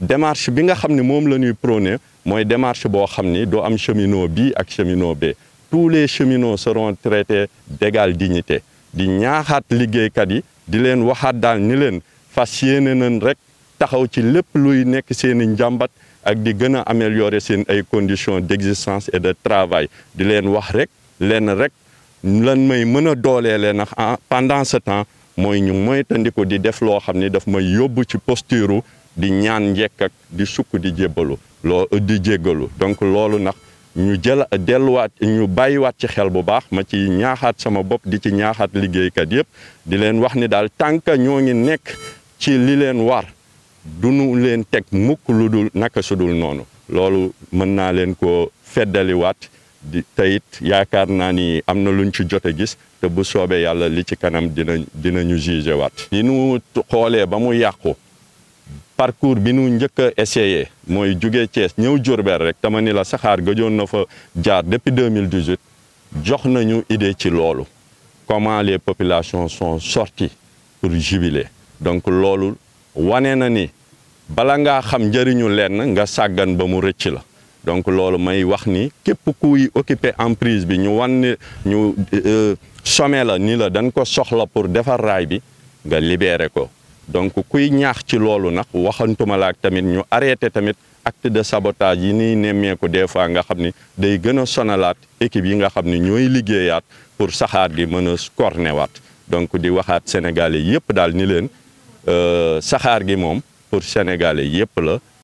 démarche bi nga xam ne moom la ñuy mooy démarche boo xam ni doo am cheminot bii ak cheminot bee tous les cheminots seront traités d'égale dignité di ñaaxaat liggéeykat yi di leen waxaat daal ni leen fas yéene nañ rek taxaw ci lépp luy nekk seen i njàmbat ak di gën a améliorer seen ay conditions d'existence et de travail di leen wax rek leen rek lan may mën a dooleele ah pendance ce temps mooy ñu moytandiku di def loo xam ni dafa may yóbbu ci posture di ñaan njekk ak di sukk di jébbalu loo di jéggalu donc loolu nag ñu jël delluwaat ñu waat ci xel bu baax ma ci ñaaxaat sama bopp di ci ñaaxaat liggéeykat yëpp di leen wax ni daal tànk ñoo ngi nekk ci li leen war du nu leen teg mukk lu dul naka sudul noonu loolu mën naa leen ko feddaliwaat di teyit yaakaar naa ni am na lu luñ ci jot a gis te bu soobee yàlla li ci kanam dina ñu jugé waat li nu xoolee ba mu yàqu parcours bi nu njëkk a mooy jugee Thiès ñëw Diourbel rek tama ni la saxaar gajoon na fa jaar depuis 2018 jox nañu idée ci loolu comment les populations sont sorties pour jubiler donc loolu wane na ni bala ngaa xam njëriñu lenn nga sàggan ba mu rëcc la donc loolu may wax ni képp kuy en emprise bi ñu wan ni ñu euh, euh, sommet la ni la dañ ko soxla pour defar raay bi nga libéré ko donc kuy ñaax ci loolu nag waxantuma la ak tamit ñu arrêté tamit acte de sabotage yi niy nemmeeku des fois nga xam ni day gën a sonalaat équipe yi nga xam ni ñooy liggéeyaat pour saxaar gi mën a kornewaat donc di waxaat sénégalais yëpp daal ni leen euh, saxaar gi moom pour sénégalais yëpp la